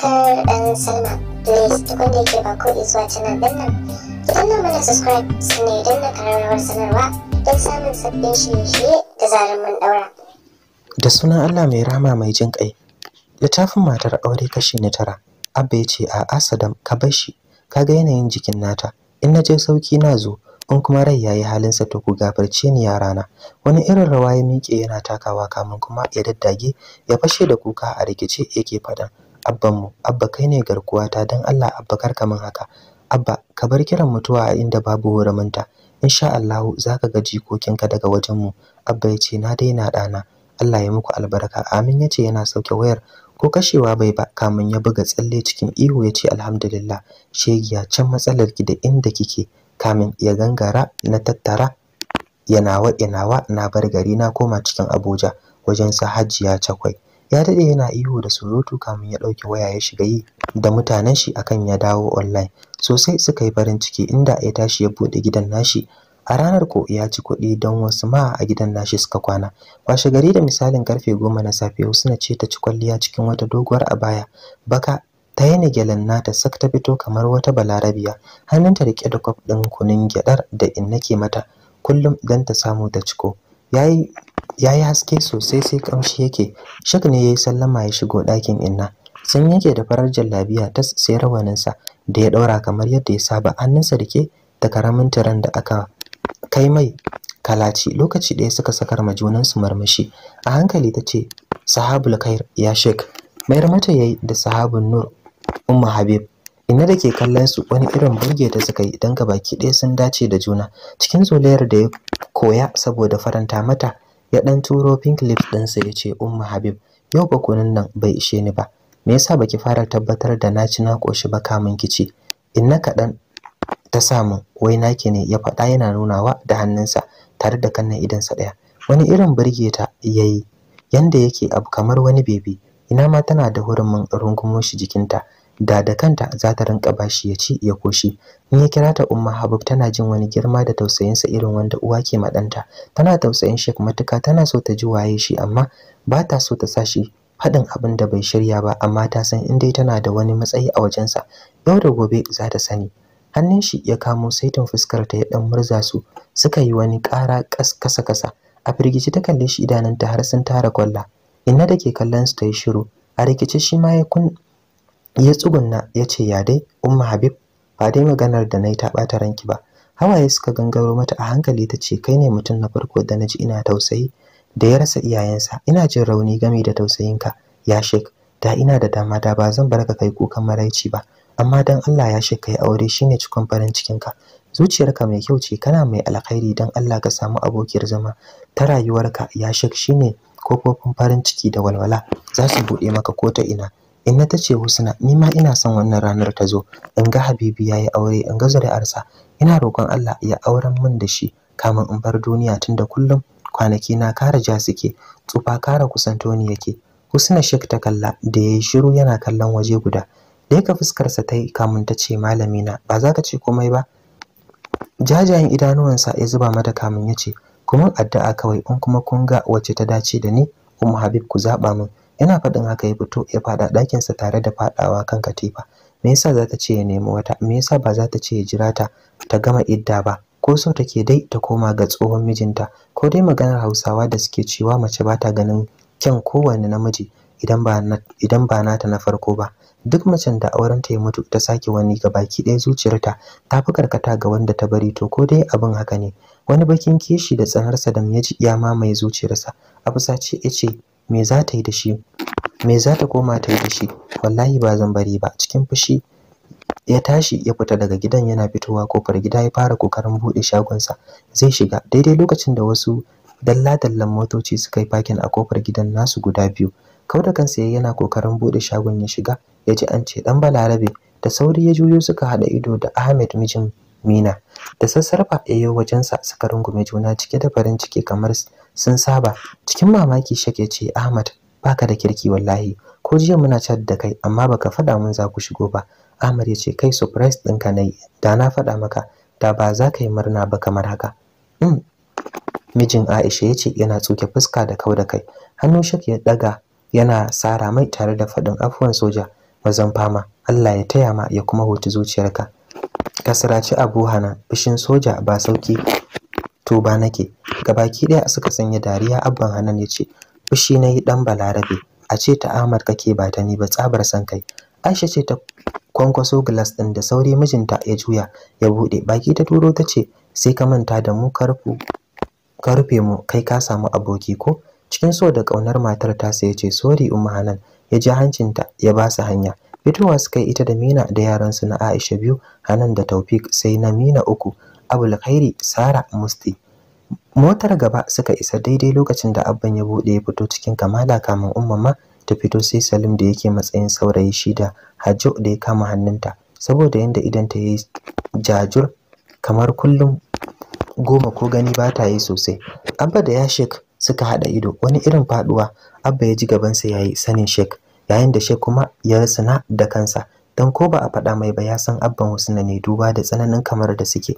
subscribe and sign up. Please da ba zuwa subscribe sanarwa don samun sabbin da sunan Allah mai rama mai jin kai. Littafin matar aure kashi na tara. Abba ya ce a Asadam ka bar shi. Ka ga yanayin jikin nata. In na je sauki na zo in kuma rai ya yayi halinsa to ku gafarce ni rana. wani irin rawa ya miƙe yana takawa kamun kuma ya daddage ya fashe da kuka a rikice yake faɗan abbanmu abba kai ne garkuwata don Allah abba kar ka min haka abba ka bar kiran mutuwa a inda babu huraminta insha Allah za ka ga jikokinka daga wajenmu abba ya ce na daina ɗana Allah ya muku albarka amin ya ce yana sauke wayar ko kashewa bai ba kamun ya buga tsalle cikin ihu ya ce alhamdulillah shegiya can matsalar ki da inda kike Kamun ya gangara na tattara yanawa yanawa na bar gari na koma cikin Abuja wajen sa Hajiya cakwai ya dade yana ihu da surutu kamun ya ɗauki waya ya shiga yi da mutanen shi akan ya dawo online sosai suka yi farin ciki inda ya tashi ya bude gidan nashi a ranar ko ya ci kuɗi don wasu ma a gidan nashi suka kwana washe gari da misalin karfe goma na safe na ce ta ci kwalliya cikin wata doguwar abaya baka ta yi gyalen nata sak ta fito kamar wata balarabiya hannunta rike da kwaf ɗin kunun gyadar da in nake mata kullum don ta samu ta ciko yayi ya yi haske sosai sai kamshi yake shak ne ya yi sallama ya shigo ɗakin inna sun yake da farar jallabiya ta sai rawaninsa da ya ɗaura kamar yadda ya saba hannunsa da ke da karamin tiran da aka kai mai kalaci lokaci ɗaya suka sakar ma junansu marmashi a hankali ta ce sahabul khair ya shek mayar mata yi da sahabun nur umma habib Ina da ke kallon su wani irin burge da suka yi don gabaki ɗaya sun dace da juna cikin zolayar da ya koya saboda faranta mata ya dan turo pink lips ɗinsa ya ce umma habib yau ba kunun nan bai ishe ni ba me yasa baki fara tabbatar da na ci na koshi ba kamun kici inna kaɗan ta samu wai naki ne ya faɗa yana nunawa da hannunsa tare da kannan sa ɗaya wani irin birge ta yayi yanda yake abu kamar wani bebi ina ma tana da hurumin rungumo shi jikinta da da kanta za ta rinka bashi ya ci ya koshi in ya kira ta umma habib tana jin wani girma da tausayin sa irin wanda uwa ke maɗanta tana tausayin shek matuka tana so ta ji waye shi amma ba ta so ta sashi shi faɗin abin da bai shirya ba amma ta san in dai tana da wani matsayi a wajen sa yau da gobe za ta sani hannun shi ya kamo saitin fuskar ta ya dan murza su suka yi wani ƙara kasa kasa a firgici ta kalle shi idanunta har sun tara kwalla inna da ke kallon su ta yi shiru a rikici shi ma ya kun ya tsugunna ya ce ya dai umma habib ba dai maganar da na yi ta ɓata ranki ba hawaye suka gangaro mata a hankali ta ce kai ne mutum na farko da na ji ina tausayi da ya rasa iyayensa ina jin rauni game da tausayinka ya shek da ina da dama da ba zan bar ka kai kukan maraici ba amma dan Allah ya shek kai aure shine cikon farin cikin ka zuciyarka mai kyau ce kana mai alkhairi dan Allah ka samu abokiyar zama ta rayuwarka ya shek shine kofofin farin ciki da walwala za su buɗe maka ko ta ina inna ta ce husna ni ma ina son wannan ranar ta zo in ga habibi ya yi aure in ga zuri'arsa ina roƙon allah ya auren min da shi kamin in bar duniya tunda kullum kwanaki na kare ja suke tsufa kare kusanto ni yake husna shek ta kalla da yayi shiru yana kallon waje guda da ka fuskarsa ta yi kamun ta ce malami na ba za ka ce komai ba jajayen idanuwansa ya zuba mata kamun yace, ce kuma addu'a kawai in kuma kun ga wacce ta dace da ni umu Habib ku zaba min yana faɗin haka ya fito ya fada ɗakinsa tare da faɗawa kan katifa me yasa za ta ce ya nemi wata me yasa ba za ta ce ya jira ta ta gama idda ba ko so take dai ta koma ga tsohon mijinta ko dai maganar hausawa da suke cewa mace ba ta ganin kyan kowane namiji idan ba nata na farko ba duk macen da auren ta ya mutu ta sake wani ga baki ɗaya zuciyarta ta fi karkata ga wanda ta bari to ko dai abin haka ne wani bakin kishi da tsanarsa da ya ji ya mamaye zuciyarsa a fusace ya ce me za ta yi da shi me za ta koma ta yi da shi wallahi ba zan bari ba cikin fushi ya tashi ya fita daga gidan yana fitowa kofar gida ya fara kokarin buɗe shagonsa zai shiga daidai lokacin da wasu dalla-dallan motoci suka yi fakin a kofar gidan nasu guda biyu kau da kansa yana kokarin buɗe shagon ya shiga ya ji an ce dan balarabe da sauri ya juyo suka haɗa ido da ahmed mijin Mina da sassarfa yayyo wajensa suka rungume juna cike da farin ciki kamar sun saba cikin mamaki shake ce Ahmad baka da kirki wallahi ko jiya muna chat da kai amma baka faɗa mun za ku shigo ba Ahmad ya ce kai surprise ɗinka na yi da na faɗa maka da ba za ka yi murna ba kamar haka mm. mijin Aisha ya ce yana tsuke fuska da kau da kai hannu shak ya daga yana sara mai tare da faɗin afuwan soja mazan fama Allah ya taya ma ya kuma hoti zuciyarka kasraci abu hana bishin soja ba sauki to ba nake gabaki daya suka sanya dariya abban hanan ya ce fushi nayi dan balarabe a ce ta Ahmad kake ba ta ni ba tsabar san kai Aisha ce ta kwankwaso glass din da sauri mijinta ya juya ya bude baki ta turo ta ce sai ka manta da mu karfu ka rufe mu kai ka samu aboki ko cikin so da kaunar matar ta sai ya ce sorry umma hanan ya ji hancinta ya ba su hanya fitowa suka yi ita da Mina da yaransu na Aisha biyu Hanan da Taufik sai na Mina uku Abul Khairi Sara Musti motar gaba suka isa daidai lokacin da abban ya bude ya fito cikin kamala kamin umma ta fito sai Salim da yake matsayin saurayi shi da Hajjo da ya kama hannunta saboda yanda idan ta yi jajur kamar kullum goma ko gani ba ta yi sosai abba da ya shek suka haɗa ido wani irin faduwa abba ya ji gabansa ya yi sanin shek yayin da shi kuma ya rusuna da kansa dan ko ba a faɗa mai ba ya san abban husna ne duba da tsananin kamar da suke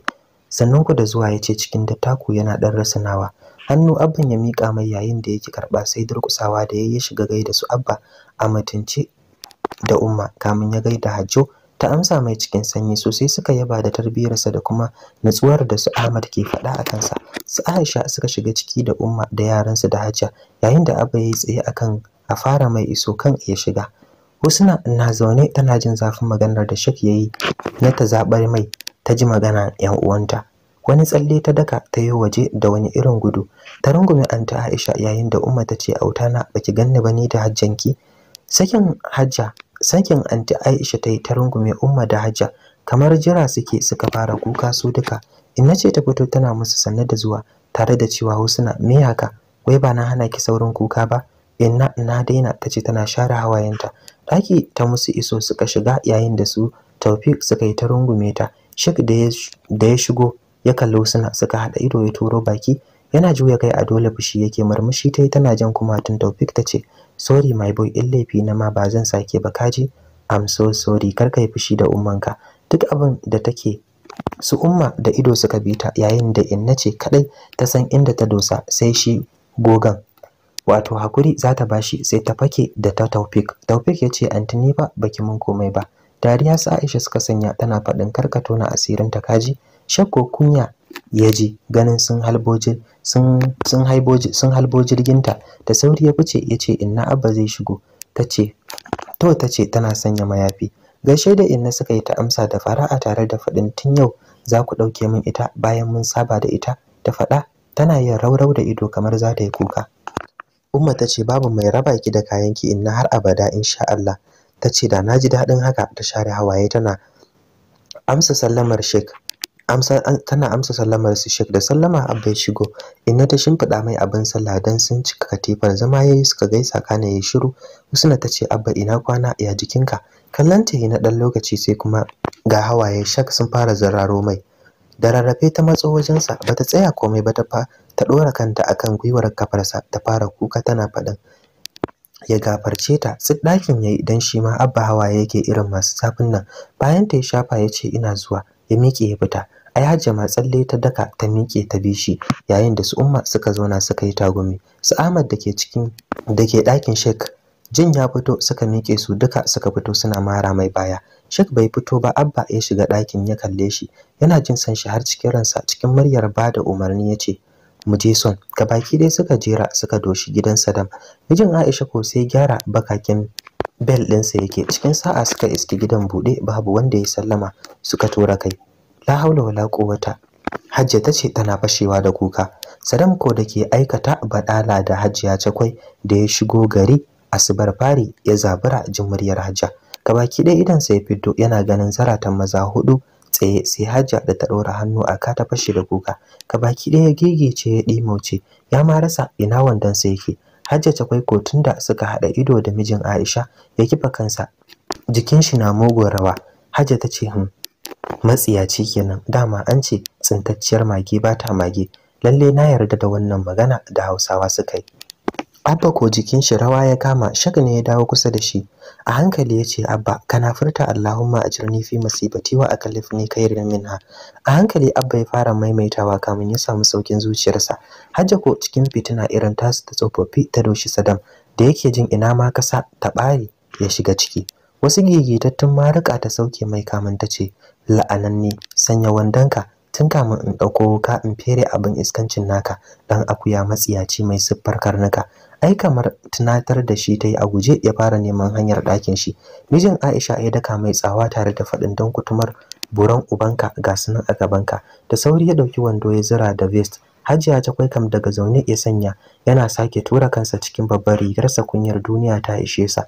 sannan ku da zuwa ya ce cikin da taku yana ɗan rusunawa hannu abban ya mika mai yayin da yake karɓa sai durƙusawa da ya shiga gaida su abba a mutunce da umma kamin ya gaida hajjo ta amsa mai cikin sanyi sosai suka yaba da tarbiyarsa da kuma natsuwar da su Ahmad ke faɗa a kansa. Su Aisha suka shiga ciki da Umma da yaransu da Hajja yayin da Abba ya yi tsaye akan Ka fara mai iso kan iya shiga husna na zaune tana jin zafin maganar da shek yayi na ta zabar mai ta ji magana yan uwanta wani tsalle ta daka ta yi waje da wani irin gudu ta rungume anta Aisha yayin da Umma ta ce autana baki ganni ba ni da hajjanki sakin hajja sakin anti Aisha ta yi ta rungume Umma da hajja kamar jira suke suka fara kuka su duka inna ce ta fito tana musu sanne da zuwa tare da cewa Husna me haka wai ba na hana ki saurin kuka ba inna na daina ta ce tana share hawayenta ɗaki ta musu iso suka shiga yayin da su taufik suka yi ta rungume ta Sheikh da ya shigo ya kallo suna suka hada ido ya turo baki yana juya kai a dole fushi yake murmushi ta yi tana jan tun taufik ta ce sorry my boy in laifi na ma ba zan sake ba kaji i'm so sorry kar kai fushi da ummanka duk abin da take su umma da ido suka bi ta yayin da inna ce kadai ta san inda ta dosa sai shi gogan wato hakuri za ta bashi sai ta fake da ta taufik taufik ya ce anti tuni ba baki mun komai ba dariya sa aisha suka sanya tana faɗin karkato na asirin ta kaji shakko kunya ya ji ganin sun halboji sun sun haiboji sun halbo jirginta da sauri ya fice ya ce inna abba zai shigo ta ce to ta ce tana sanya mayafi gaishe da inna suka yi ta amsa da fara'a tare da faɗin tun yau za ku ɗauke min ita bayan mun saba da ita ta faɗa tana yin raurau da ido kamar za ta yi kuka Umma ta ce babu mai raba ki da kayanki inna har abada insha Allah. Ta ce da na ji daɗin haka ta share hawaye tana amsa sallamar Sheikh. Amsa, tana amsa sallamar su Sheikh da sallama Abba ya shigo. Inna ta shimfiɗa mai abin sallah dan sun cika katifar zama yayi suka gaisa kana yayi shiru. Usna ta ce Abba ina kwana ya jikinka? Kallanta na ɗan lokaci sai kuma ga hawaye shak sun fara zararo mai. da rarrafe ta matso wajensa ba ta tsaya komai ba ta fa ta ɗora kanta akan gwiwar kafarsa ta fara kuka tana faɗin ya gafarce ta su ɗakin yayi yi shi ma abba hawa yake irin masu safin nan bayan ta ya shafa ya ce ina zuwa ya miƙe ya fita ai hajja ma tsalle ta daka ta miƙe ta bi shi yayin da su umma suka zauna suka yi tagumi su ahmad da cikin da ke ɗakin shek jin ya fito suka miƙe su duka suka fito suna mara mai baya Shek bai fito ba Abba ya shiga ɗakin ya kalle shi yana jin san shi har cikin ransa cikin muryar ba da umarni ya ce mu je son baki dai suka jera suka doshi gidan Sadam mijin Aisha ko sai gyara bakakin bel ɗinsa yake cikin sa'a suka iski gidan buɗe babu wanda ya sallama suka tura kai la haula wala quwwata Hajja ta ce tana fashewa da kuka Sadam ko da ke aikata badala da Hajjiya Cakwai da ya shigo gari Asibar fari ya zabura jin muryar Hajja gabaki ɗaya idan sai fito yana ganin zaratan maza hudu tsaye sai hajja da ta ɗora hannu a ka ta fashe da kuka gabaki ɗaya gegece ya ɗimauce ya ma rasa ina wandon sa yake hajja ta kotun da suka haɗa ido da mijin aisha ya kifa kansa jikin shi na mugun rawa hajja ta ce hin hmm, matsiyaci kenan dama an ce tsintacciyar mage ba ta mage lalle na yarda da wannan magana da hausawa suka yi Abba ko jikin shi rawa ya kama, shaka ne ya dawo kusa da shi. A hankali ya ce, Abba, kana furta Allahumma ajirni fi masibati wa akallifni khairan minha. A hankali Abba ya fara maimaitawa kamun ya samu saukin zuciyarsa. Hajja ko cikin fitina irin tasu ta tsofaffi ta doshi sadam da yake jin ina ma kasa ta bare ya shiga ciki. Wasu gigitattun marika ta sauke mai kamin ta ce, la'ananne sanya wandonka tun kamin in ɗauko wuka in fere abin iskancin naka dan akuya matsiyaci mai siffar karnuka ai kamar tunatar da shi ta yi a guje ya fara neman hanyar ɗakin shi mijin aisha ya daka mai tsawa tare da faɗin don kutumar buran ubanka ga sunan a gabanka da sauri ya ɗauki wando ya zira da vest hajiya ta kwai kam daga zaune ya sanya yana sake tura kansa cikin babbar rigarsa kunyar duniya ta ishe sa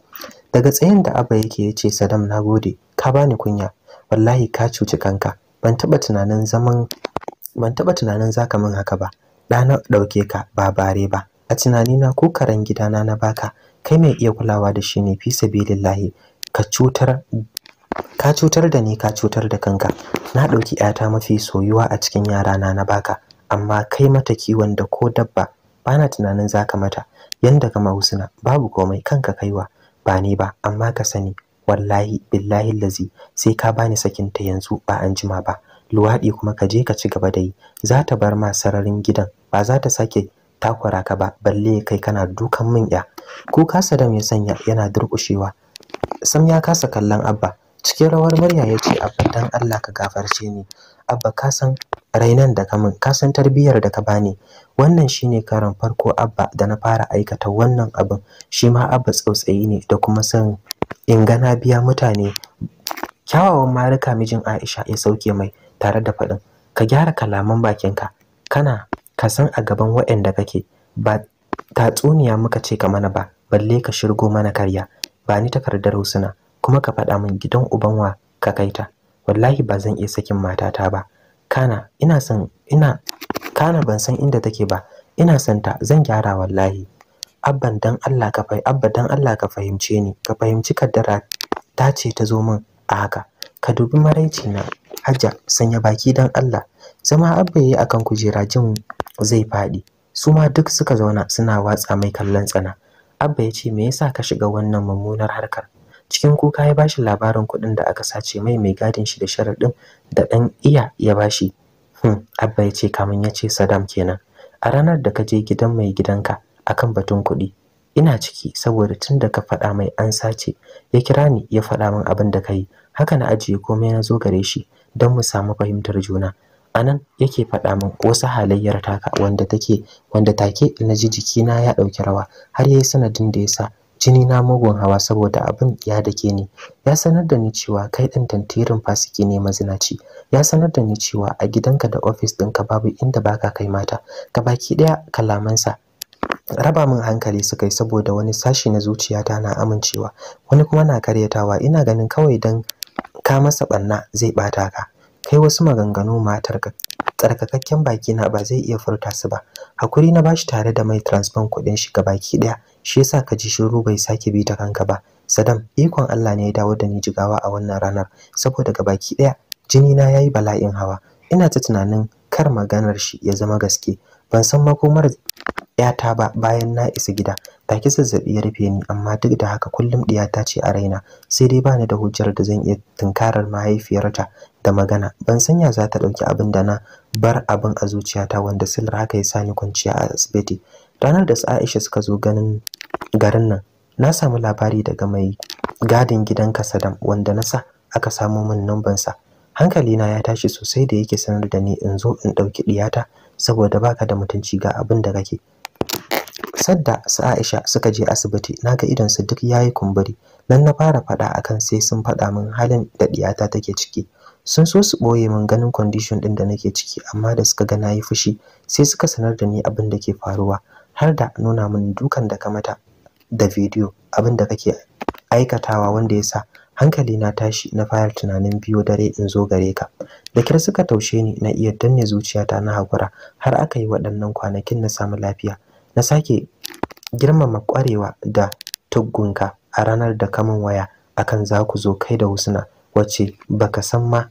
daga tsayin da abba yake ya ce sadam na gode ka bani kunya wallahi ka cuci kanka ban taɓa tunanin zaman ban taba tunanin zaka min haka ba na ɗauke ka ba bare ba a na ko karan gidana na baka kai mai iya kulawa da shi ne fi sabilillahi ka cutar ka cutar da ni ka cutar da kanka na ɗauki ta mafi soyuwa a cikin yarana na baka amma kai mata kiwon da ko dabba bana tunanin zaka mata yanda kama husna babu komai kanka kaiwa ba ni ba amma ka sani wallahi billahi lazi sai ka bani sakin ta yanzu ba an jima ba luwaɗi kuma ka je ka ci gaba da yi za ta bar ma sararin gidan ba za ta sake takura ka ba balle kai kana dukan min ya ko kasa da ya sanya yana durkushewa sam ya kasa kallon abba cikin rawar murya ya ce abba dan Allah ka gafarce ni abba ka san rainan da ka min ka san tarbiyyar da ka bani wannan shine karan farko abba da na fara aikata wannan abin shi ma abba tsautsayi ne da kuma san in ga na biya mutane kyawawan marika mijin Aisha ya sauke mai tare da faɗin ka gyara kalaman bakinka kana ka san a gaban waɗanda kake ba tatsuniya muka ce ka mana ba balle ka shirgo mana karya ba ni takardar husuna kuma ka faɗa min gidan uban wa kai ta. wallahi ba zan iya sakin matata ba kana ina san ina kana ban san inda take ba ina santa zan gyara wallahi abban dan Allah ka fahimci abba dan Allah ka fahimce ni ka fahimci kaddara ta ce ta zo min a haka ka dubi maraici na hajja sanya baki dan Allah zama abba yayi akan kujera jin zai faɗi su ma duk suka zauna suna watsa mai kallon tsana abba ya ce me yasa ka shiga wannan mummunar harkar cikin kuka ya bashi labarin kuɗin da aka sace mai mai gadin shi da sharaɗin da ɗan iya ya bashi hmm abba ya ce kamun ya ce sadam kenan a ranar da ka je gidan mai gidanka akan batun kuɗi ina ciki saboda tun da ka faɗa mai an sace ya kira ni ya faɗa min abin da kai haka na ajiye komai na zo gare shi don mu samu fahimtar juna anan yake faɗa min wasu halayyar taka wanda take wanda take na ji jikina ya ɗauki rawa har yayi sanadin da ya sa jini na mugun hawa saboda abin ya dake ni ya sanar da ni cewa kai ɗin tantirin fasiki ne mazinaci ya sanar da ni cewa a gidanka da ofis ɗinka babu inda baka kai mata ka baki ɗaya kalamansa raba min hankali suka yi saboda wani sashi na zuciyata na amincewa wani kuma na karyatawa ina ganin kawai dan ka masa banna zai bata ka kai wasu maganganu matar ka tsarkakakken baki na ba zai iya furta su ba hakuri na bashi tare da mai transfer kuɗin shi ga baki daya shi yasa ka ji shiru bai sake bi ta kanka ba sadam ikon Allah ne ya dawo da ni jigawa a wannan ranar saboda ga baki daya jini na yayi bala'in hawa ina ta tunanin kar maganar shi ya zama gaske ban san makomar 'yata ba bayan na isa gida ta take zazzabi ya rufe ni amma duk da haka kullum ta ce a raina sai dai bani da hujjar da zan iya tunkarar mahaifiyarta da magana ban san ya za ta ɗauki abin da na bar abin a zuciyata wanda silar haka ya sa ni kwanciya a asibiti ranar da su Aisha suka zo ganin garin nan na samu labari daga mai gadin gidan Kasadam wanda na sa aka samo min nambansa. hankalina ya tashi sosai da yake sanar da ni in zo in ɗauki ɗiyata saboda baka da mutunci ga abin da kake sadda su Aisha suka je asibiti naga idon su duk yayi kumburi Nan na fara faɗa akan sai sun faɗa min halin da diyata take ciki sun so su ɓoye min ganin condition ɗin da nake ciki amma da suka ga nayi fushi sai suka sanar da ni abin da ke faruwa har da nuna min dukan da ka mata da bidiyo, abin da kake aikatawa wanda ya sa. hankali na tashi na fara tunanin biyo dare in zo gare ka da kyar suka taushe ni na iya danne zuciyata na hakura har aka yi waɗannan kwanakin na samu lafiya na sake girmama ƙwarewa da tuggunka a ranar da kamun waya akan za ku zo kai da husna wacce baka san ma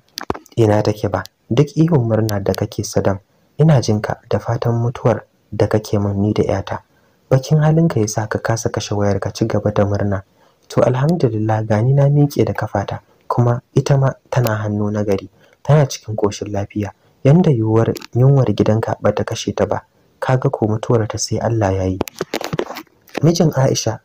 ina take ba duk ihun murna da kake sadam ina jinka da fatan mutuwar da kake mun ni da yata bakin halinka yasa ka kasa kashe wayar ka ci gaba da murna to alhamdulillah gani na miƙe da kafata kuma ita ma tana hannu na gari tana cikin koshin lafiya yanda yuwar yunwar gidanka ba ta kashe ta ba ka ga ko mutuwar ta sai Allah ya yi mijin Aisha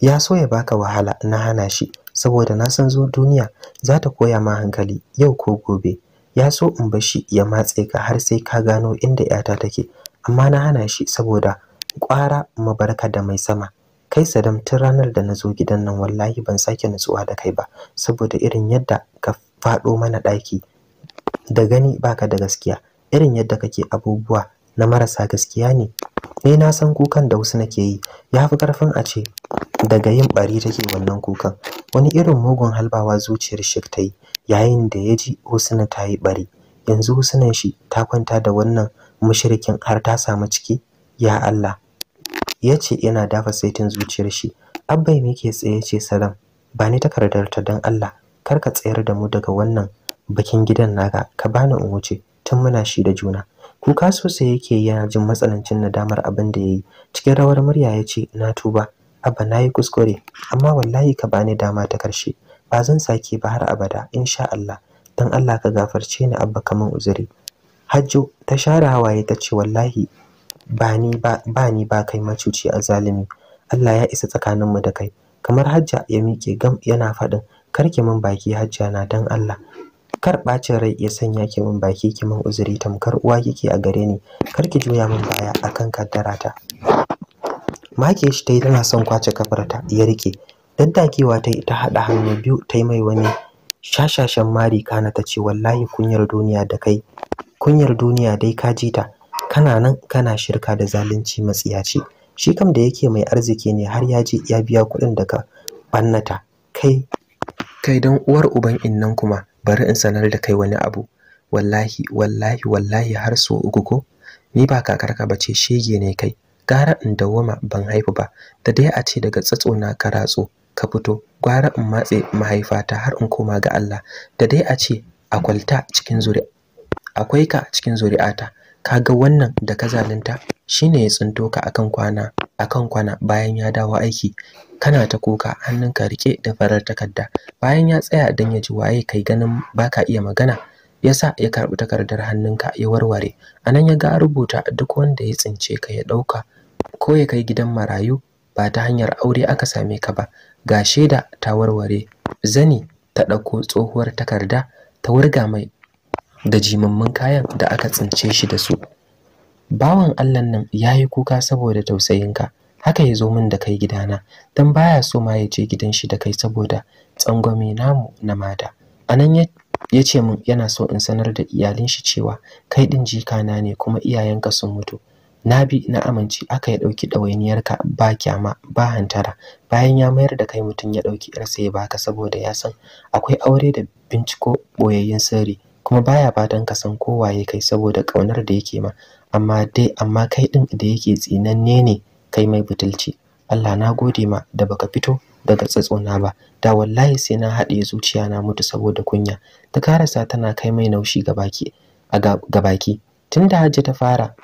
ya so ya baka wahala na hana shi saboda na san zo duniya za ta koya ma hankali yau ko gobe ya so in bar shi ya matse ka har sai ka gano inda yata take amma na hana shi saboda kwara mabarka da mai sama kai sadam tun ranar da na zo gidan nan wallahi ban sake nutsuwa da kai ba saboda irin yadda ka faɗo mana ɗaki da gani baka da gaskiya irin yadda kake abubuwa na marasa gaskiya ne ni na san kukan da wasu nake yi ya fi karfin a ce daga yin bari take wannan kukan wani irin mugun halbawa zuciyar shek ta yi yayin da ya ji husna ta yi bari yanzu husnan shi ta kwanta da wannan mushirikin har ta samu ciki ya Allah ya ce yana dafa saitin zuciyar shi abbai me ke tsaye ce salam ba ni takardar ta don allah kar ka tsayar da mu daga wannan bakin gidan naga ka bani in wuce tun muna shi da juna kuka sosai yake yana jin matsanancin nadamar abin da yayi cikin rawar murya ya ce na tuba abba na yi kuskure amma wallahi ka bani dama ta karshe ba zan sake ba har abada insha Allah dan Allah ka gafarce ni abba kaman uzuri hajjo ta share hawaye ta ce wallahi ba ni ba kai macuci a zalimi Allah ya isa tsakaninmu da kai kamar hajja ya miƙe gam yana faɗin karki min baki hajja na dan Allah kar bacin rai ya sanya ki min baki ki min uzuri tamkar uwa kike a gare ni kar ki juya min baya akan kaddarata make shi yi tana son kwace kafarta ya rike daddakewa tayi ta hada hannu biyu ta yi mai wani shashashan mari kana ta ce wallahi kunyar duniya da kai kunyar duniya dai ka ji ta kana nan kana shirka da zalunci matsiyaci shi kam da yake mai arziki ne har ya ji ya biya kuɗin da ka bannata kai kai dan uwar uban innan kuma bari in sanar da kai wani abu wallahi wallahi wallahi har so uku ko ni ba kakarka bace shege ne kai gara in dawoma ban haifu ba da dai a ce daga tsatsona ka ratso ka fito Gara in matse mahaifata har in koma ga Allah da dai a ce akwalta cikin zuri akwai ka cikin zuri'ata kaga wannan da ka zalunta shine ya tsinto ka akan kwana akan kwana bayan ya dawo aiki kana ta kuka hannunka rike da farar takarda bayan ya tsaya dan ya ji waye kai ganin baka iya magana yasa ya karbi takardar hannunka ya warware anan ya ga rubuta duk wanda ya tsince ka ya dauka ko ya kai gidan marayu ba ta hanyar aure aka same ka ba ga shaida ta warware zani ta dauko tsohuwar takarda ta wurga mai da jimammun kayan da aka tsince shi da su bawan allahn nan yayi kuka saboda tausayinka haka ya zo min da kai gidana dan baya so ma ya je gidan shi da kai saboda tsangwami namu na mata anan ya ce min yana so in sanar da iyalin shi cewa kai din jikana ne kuma iyayenka sun mutu na bi na amince aka ya dauki ɗawainiyarka ba kyama ba hantara bayan ya mayar da kai mutum ya ɗauki yarsa ya baka saboda ya san akwai aure da binciko boyayyen sirri kuma baya fatan ka san ya kai saboda ƙaunar da yake ma amma dai amma kai ɗin da yake tsinanne ne kai mai butulci Allah na gode ma da baka fito daga tsatsona ba da wallahi sai na haɗe zuciya na mutu saboda kunya ta karasa tana kai mai naushi gabaki a gabaki tunda Hajji ta fara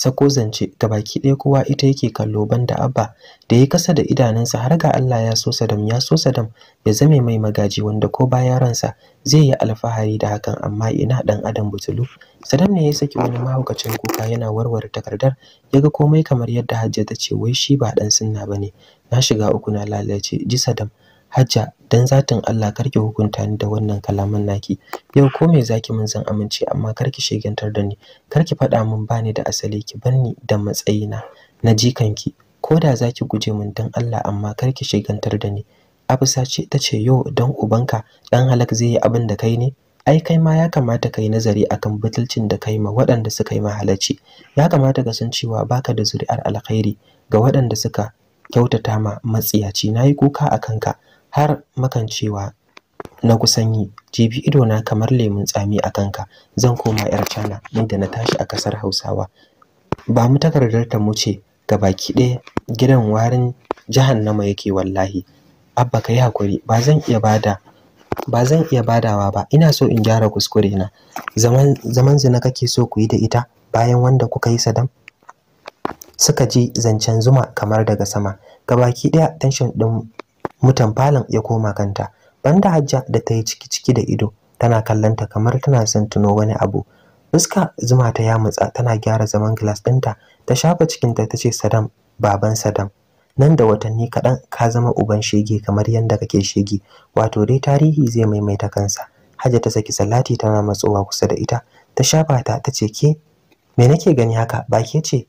sako zance ta baki ɗaya kowa ita yake kallo banda abba da ya kasa da idanunsa har ga Allah ya so sadam ya so sadam ya zame mai magaji wanda ko bayan ransa zai yi alfahari da hakan amma ina dan adam butulu sadam ne ya saki wani mahaukacin kuka yana warware takardar Ya ga komai kamar yadda hajja ta ce wai shi ba dan sunna bane na shiga uku na lalace ji sadam hajja dan zatin Allah kar ki hukunta ni da wannan kalaman naki yau ko me zaki min zan amince amma karki shegantar da ni Kar ki faɗa min bani da asali ki banni da matsayina na kanki ko da zaki guje min dan Allah amma karki shegantar da ni Afisa ce ta ce yo dan ubanka dan halak zai yi abin da kai ne ai kai ma ya kamata kai nazari akan butulcin da kai ma waɗanda suka yi mahalacci ya kamata ka san cewa baka da zuri'ar alkhairi ga waɗanda suka kyautata ma matsiyaci nayi kuka akan ka har makancewa na kusan yi jibi idona kamar lemun tsami a kanka zan koma yar cana inda na tashi a kasar hausawa ba mu takardar ta mu ce baki ɗaya gidan warin jahannama yake wallahi abba yi hakuri ba zan iya badawa ba ina so in gyara kuskure na zaman zaman zina kake so ku yi da ita bayan wanda kuka yi sadam suka ji zancen zuma kamar daga sama gabaki ɗaya tension ɗin mutan falon ya koma kanta banda hajja da ta yi ciki ciki da ido tana kallanta kamar tana son tuno wani abu fuska zuma ta ya mutsa tana gyara zaman glass dinta. ta shafa cikinta ta ce sadam baban sadam nan da watanni kaɗan ka zama uban shege kamar yadda kake shege wato dai tarihi zai maimaita kansa hajja ta saki salati tana matsowa kusa da ita ta shafa ta tace ke me nake gani haka ba ke ce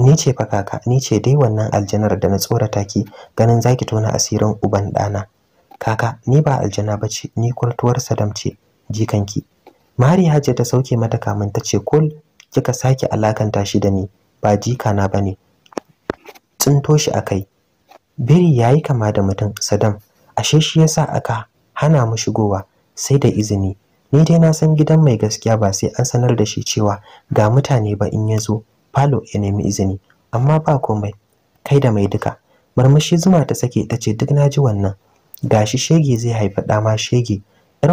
ni ce fa kaka ni ce dai wannan aljanar da na tsorata ki ganin zaki tona asirin uban dana, kaka ni ba aljana bace ni kurtuwar sadam ce jikanki mari hajja ta sauke mata kamun ta ce kul kika sake alakanta shi da ni ba jika na bane tsinto shi akai biri yayi kama da mutum sadam ashe shi yasa aka hana mu shigowa sai da izini ni dai na san gidan mai gaskiya ba sai an sanar da shi cewa ga mutane ba in ya zo falo ya nemi izini amma ba komai kai da mai duka Marmashi zuma ta sake ta ce duk naji wannan gashi shege zai haifa ɗa ma shege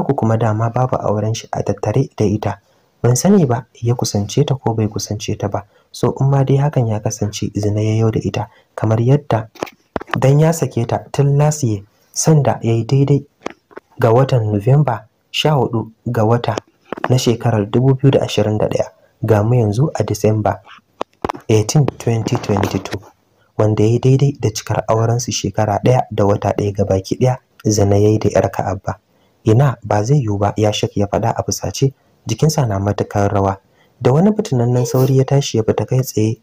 ku kuma dama babu auren shi a tattare da ita ban sani ba ya kusance ta ko bai kusance ta ba so in ma dai hakan ya kasance izina ya yau da ita kamar yadda dan ya sake ta tun lasiye sanda ya yi daidai ga watan nuwamba 14 ga wata na shekarar 2021 ga mu yanzu a disamba 18 2022 wanda ya yi daidai da cikar aurensu shekara ɗaya da wata ɗaya ga baki ɗaya yi da yar ka'abba ina ba zai yiwu ba ya shak ya faɗa a fusace jikinsa na matukar rawa da wani fitinannen sauri ya tashi ya fita kai tsaye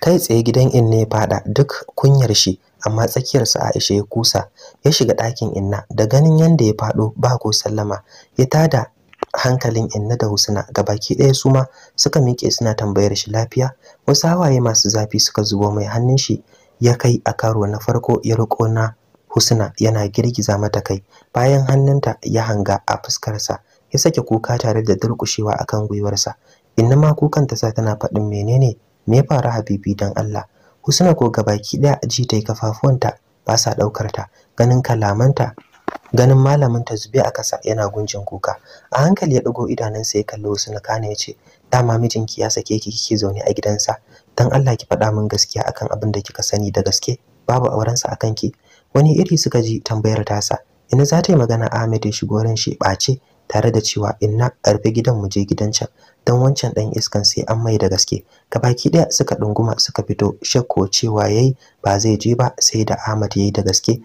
kai tsaye gidan inna ya faɗa duk kunyar shi amma tsakiyar sa Aisha ya kusa ya shiga ɗakin inna da ganin yanda ya faɗo ba ko sallama ya tada hankalin Inna da Husna gabaki ɗaya su ma suka miƙe suna tambayar shi lafiya wasu hawaye masu zafi suka zubo mai hannun shi ya kai a karo na farko ya roƙo na Husna yana girgiza mata kai bayan hannunta ya hanga a fuskarsa ya sake kuka tare da durƙushewa akan gwiwarsa Inna ma kukan ta sa tana faɗin menene me ya faru Habibi dan Allah Husna ko gabaki ɗaya ji yi kafafuwanta ba sa ɗaukar ta ganin kalamanta ganin malamin ta zube a ƙasa yana gunjin kuka a hankali ya ɗago idanunsa ya kalli wasu nakana ya ce dama mijinki ya sake ki kike zaune a gidansa dan Allah ki faɗa min gaskiya akan abin da kika sani da gaske babu aurensa akan ki wani iri suka ji tambayar tasa ina za ta yi magana Ahmed ya shigo ran shi ɓace tare da cewa inna rufe gidan mu je gidan can dan wancan dan iskan sai an mai da gaske gabaki daya suka dunguma suka fito shakko cewa yayi ba zai je ba sai da Ahmad yayi da gaske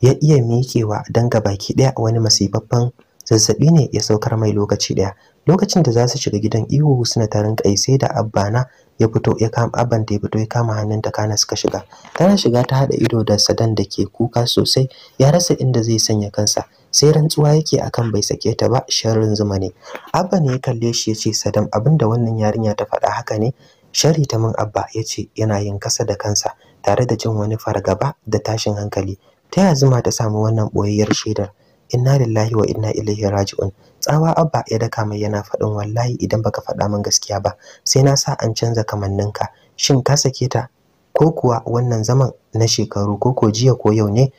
ya iya miƙewa don gabaki ɗaya wani masibabban zazzabi ne ya saukar mai lokaci ɗaya lokacin da za su shiga gidan ihu suna tarin kai sai da abbana ya fito ya kama abban da ya fito ya kama hannun ta kana suka shiga tana shiga ta hada ido da sadan da ke kuka sosai ya rasa inda zai sanya kansa sai rantsuwa yake akan bai sake ta ba sharrin zuma ne abba ne ya kalle shi ya ce sadam abinda wannan yarinya ta faɗa haka ne shari ta min abba ya ce yana yin kasa da kansa tare da jin wani fargaba da tashin hankali ta ya zuma ta samu wannan boyayyar shaidar inna lillahi wa inna ilaihi raji'un tsawa abba ya daka mai yana faɗin wallahi idan baka faɗa min gaskiya ba sai na sa an canza kamanninka shin ka sake ta ko kuwa wannan zaman na shekaru ko ko jiya ko yau ne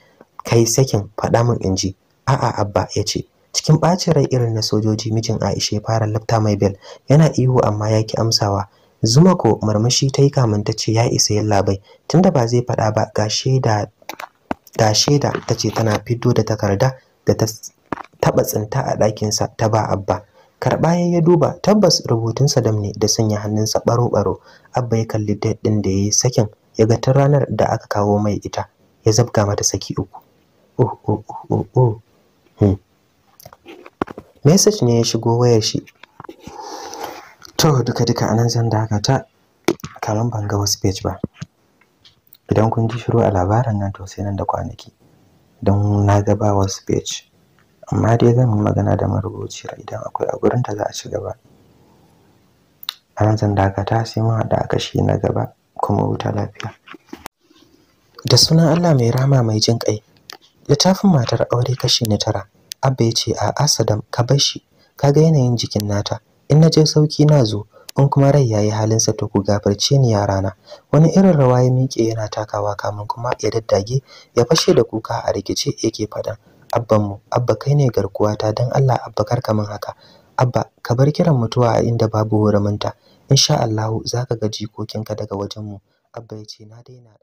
kai sakin faɗa min inji. a'a abba ya ce cikin ɓacin rai irin na sojoji mijin aisha ya fara lafta mai bel yana ihu amma ya ki amsawa zuma ko marmashi ta yi kamun ta ce ya isa yin tunda ba zai faɗa ba ga shaida ta shaida ta ce tana fito da takarda da ta taɓa tsinta a ɗakinsa ta ba abba karɓa ya ya duba tabbas rubutun sadam ne da sanya hannunsa baro-baro. abba ya kalli date ɗin da ya yi sakin ya ga tun ranar da aka kawo mai ita ya zabga mata saki uku oh oh oh, oh, oh. Hmm. message ne ya shigo wayar shi to duka duka anan zan dakata haka ta kaman ban ga wasu page ba idan kun ji shiru a labarin nan to sai nan da kwanaki don na ga ba wasu page amma dai zan yi magana da marubuci, idan akwai a gurin ta za a ci gaba a nan zan dakata sai mun haɗa a kashi na gaba kuma wuta lafiya da sunan Allah mai rama mai jin kai littafin matar aure kashi na tara abba ya ce a asadam ka bashi? shi ga yanayin jikin nata in na je sauki na zo in kuma rai ya yayi halinsa to ku gafarce ni yarana wani irin rawa ya miƙe yana takawa kamin kuma ya daddage ya fashe da kuka a rikice yake faɗan abban mu abba kai ne garkuwata dan Allah abba karka min haka abba ka bar kiran mutuwa a inda babu horaminta insha Allah ka ga jikokinka daga wajen mu abba ce na daina